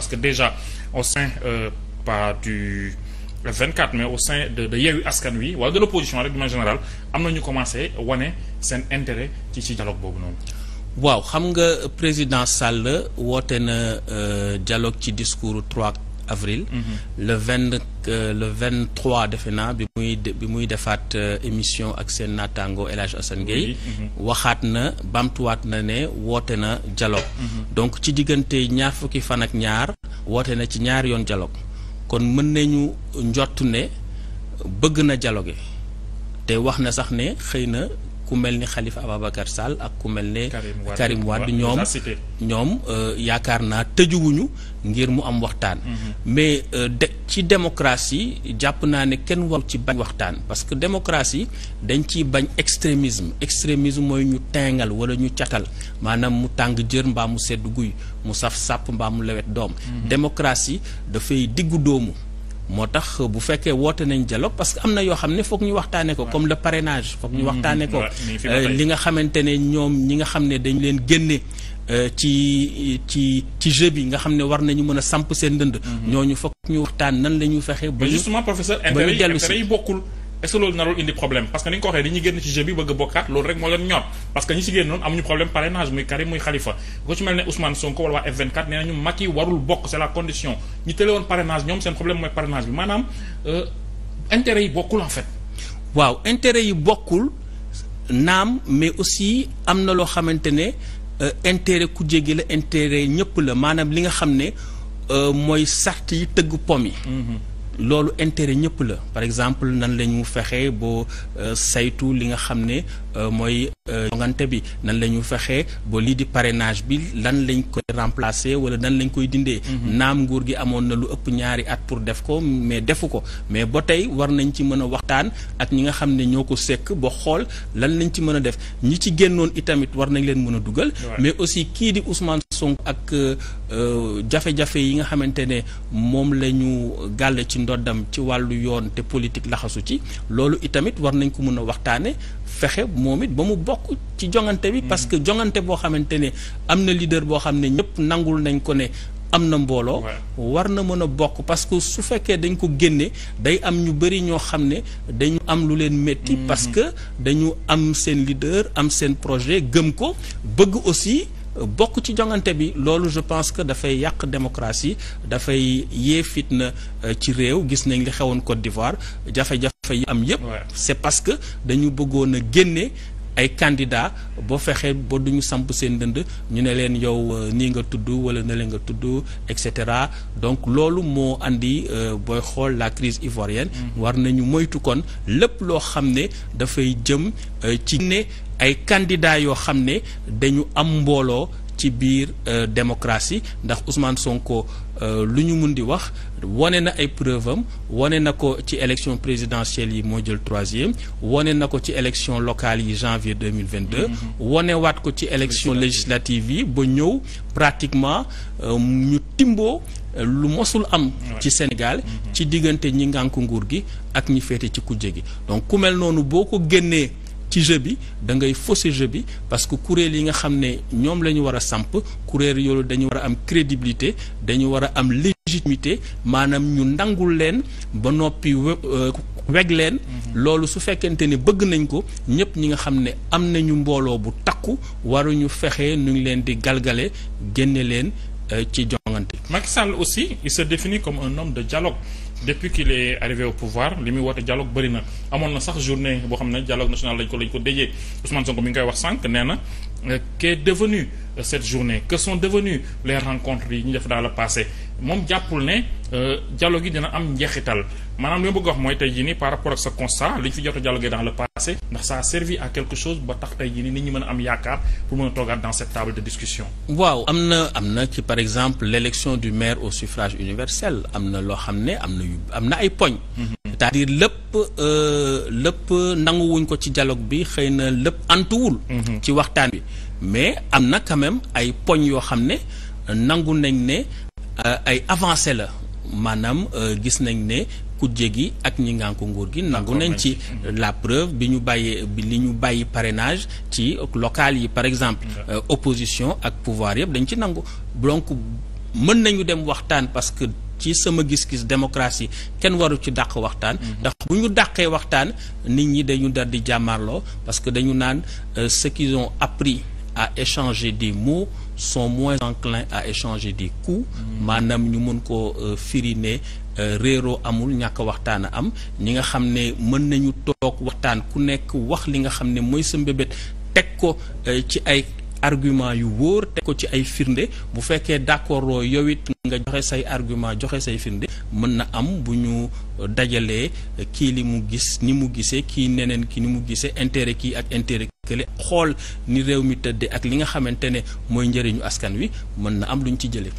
parce que déjà au sein euh, pas du 24 mais au sein de de Yewwi Askan Wi wala de l'opposition rek de manière am na ñu commencé wane seen intérêt ci ci dialogue boobu noonu. waaw xam nga président Sall woote na euh, dialogue ci discours 3. avril. Mhm. le vingt euh, le vingt trois defe naa bi muy defaat euh, émission ak seen naataango El Hadj Assane mhm. waxaat na bamtuwaat na ne woote na dialogue. Mhm. donc ci diggante ñaar fukki fan ak ñaar woote na ci ñaar yoon dialogue kon mën nañu njott ne bëgg na dialogue te wax na sax ne xëy na. ku mel ni Khalifa Ababacar Sall ak ku mel ne Karim ñoom ñoom euh, yaakaar naa tëjuwuñu ngir mu am waxtaan mhm. mais euh, de ci démocratie jàpp naa ne kenn waru ci bañ waxtaan parce que démocratie dañ ciy bañ extrémisme extrémisme mooy ñu teengal wala ñu catal maanaam mu tàng jër mbaa mu sedd guy mu saf sàpp mbaa mu lewet doom mhm. démocratie dafay diggu doomu moo tax bu fekkee woote nañ dialogue parce que am na yoo xam ne foog ñu waxtaanee ko comme le parrainage foog ñu mm-hmm. waxtaanee ko euh, li nga xamante ne ñoom ñi nga xam ne dañ leen génne euh, ci ci ci jeu bi nga xam ne war nañu mën a samp seen ndënd mm-hmm. ñoo ñu foog ñu waxtaan nan la ñuy fexe ba ñu ba ñu dellu si bokkul est-ce que loolu narul indi problème parce que ni nga ko waxee dañuy génn ci jeu bi bëgg a bokkaat loolu rek moo leen ñor parce que ñi si génn noonu amuñu problème parrainage muy Karim muy Khalifa ko ci mel ne Ousmane Sonko wala waa F24 nee nañu Macky warul bokk c'est la condition ñi tële woon parrainage ñoom seen problème mooy parrainage bi maanaam euh, intérêt yi bokkul en fait waaw intérêt yi bokkul naam mais aussi am na loo xamante ne euh, intérêt ku jéggi la intérêt ñëpp la maanaam li nga xam ne euh, mooy sart yi tëgg pom loolu intéret ñëpp la par exemple nan lañu ñu fexe boo euh, saytu li nga xam ne euh, mooy euh, jongante bi nan la ñu fexe ba lii di parrainage bi lan lañ koy remplacer wala nan lañ koy dindee mhm. naam nguur gi amoon na lu ëpp ñaari at pour def ko mais defu ko mais ba tey war nañ ci mën a waxtaan ak ñi nga xam ne ñoo ko sekk ba xool lan lañ ci mën a def ñi ci génnoon itamit war nañ leen mën a dugal mais aussi kii di Ousmane Sonko ak euh, jafe-jafe yi nga xamante ne moom la ñu gàll ci ndoddam ci wàllu yoon te politique laxasu ci loolu itamit war nañ ko mën a waxtaane fexe moom it ba mu bokk ci jongante bi parce que jongante boo xamante ne am na leader boo xam ne ñëpp nangul nañ ko ne am na mbooloo war na mën a bokk parce que su fekkee dañ ko génne day am ñu bëri ñoo xam ne dañu am lu leen métti mm-hmm. parce que dañu am seen leader am seen projet gëm ko bëgg aussi bokk ci jongante bi loolu je pense que dafay yàq démocratie dafay yee fitna euh, ci réew gis nañ li xewoon Côte d'Ivoire jafe-jafe yi am yépp c'est parce que dañu bëggoon a génne ay candidat boo fexee ba du ñu samp seen dënd ñu ne leen yow euh, nii nga tudd wala ne leen nga tudd et cetera donc loolu moo andi euh, booy xool la crise ivoirienne mm. war nañu moytu kon lépp loo xam ne dafay jëm euh, ci ne ay candidat yoo xam ne dañu am mbooloo ci biir euh, démocratie ndax Ousmane Sonko euh, lu ñu mun di wax wane na ay preuve am wane na ko ci élection présidentielle yi moo jël troisième wane na ko ci élection locale yi janvier deux mille vingt deux mm-hmm. wane waat ko ci élection législative yi ba ñëw pratiquement euh, ñu timboo lu mosul am ci Sénégal mm-hmm. ci diggante ñi ngànk nguur gi ak ñi féete ci kujje gi donc ku mel noonu boo ko génnee ci jeu bi da ngay fausser bi parce que kuréel yi nga xam ne ñoom la ñu war a samp kuréel yooyu dañu war a am crédibilité dañu war a am légitimité maanaam ñu ndangul leen ba noppi euh, weg leen mhm. loolu su fekkente ne bëgg nañ ko ñëpp ñi nga xam ne am nañu mbooloo bu takku waruñu fexe nu ngi leen di galgale génne leen euh, ci jongante Macky Sall aussi il se définit comme un homme de dialogue depuis qu'il est arrivé au pouvoir li muy woote dialogue bëri na amoon na sax journée boo xam ne dialogue national lañ ko lañ ko déjee Ousmane Sonko mi ngi koy wax sànq nee na euh, qu'est devenu euh, cette journée que sont devenues les rencontres yi ñu def dans le passé moom jàppul ne euh, dialogue gi dina am njeexital maanaam li ma bëgg wax mooy tey jii nii par rapport ak sa constat li ñu fi jot a dialogué dans le passé ndax ça a servi à quelque chose ba tax tey jii nii nit ñi mën a am yaakaar pour mën a toogaat dans cette table de discussion. waaw am na am na ci par exemple l' du maire au suffrage universel am na loo xam ne am na yu am na ay poñ. Mhm. c'est-à-dire lépp euh, lépp nanguwuñ ko ci dialogue bi xëy na lépp antuwul. Mhm. ci waxtaan bi mais am na quand même ay poñ yoo xam ne nangu nañ ne. Euh, ay avancé la maanaam euh, gis nañ ne kujje gi ak ñi ngànko nguur gi nangu nañ ci mm-hmm. la preuve bi ñu bàyyee bi li ñu bàyyi parrainage ci local yi par exemple mm-hmm. euh, opposition ak pouvoir yëpp dañ ci nangu donc mën nañu dem waxtaan parce que ci sama gis-gis démocratie kenn waru ci dàq waxtaan mm-hmm. ndax bu ñu dàqee waxtaan nit ñi dañu dal di jàmmarloo parce que dañu naan ce qu'ils ont appris à échanger des mots sont moins enclins à échanger des coups maanaam ñu mën koo euh, firi ne euh, réeroo amul ñàkk waxtaan a am ñi nga xam ne mën nañu toog waxtaan ku nekk wax li nga xam ne mooy sa mbébét teg ko euh, ci ay argument yu wóor teg ko ci ay firnde bu fekkee d'accord yow it nga joxe say argument joxe say firnde mën na am bu ñu dajalee kii li mu gis ni mu gisee kii neneen ki ni mu gisee intérêt kii ak intérêt kële xool ni réew mi tëdde ak li nga xamante ne mooy njëriñu askan wi mën na am luñ ci jëlee.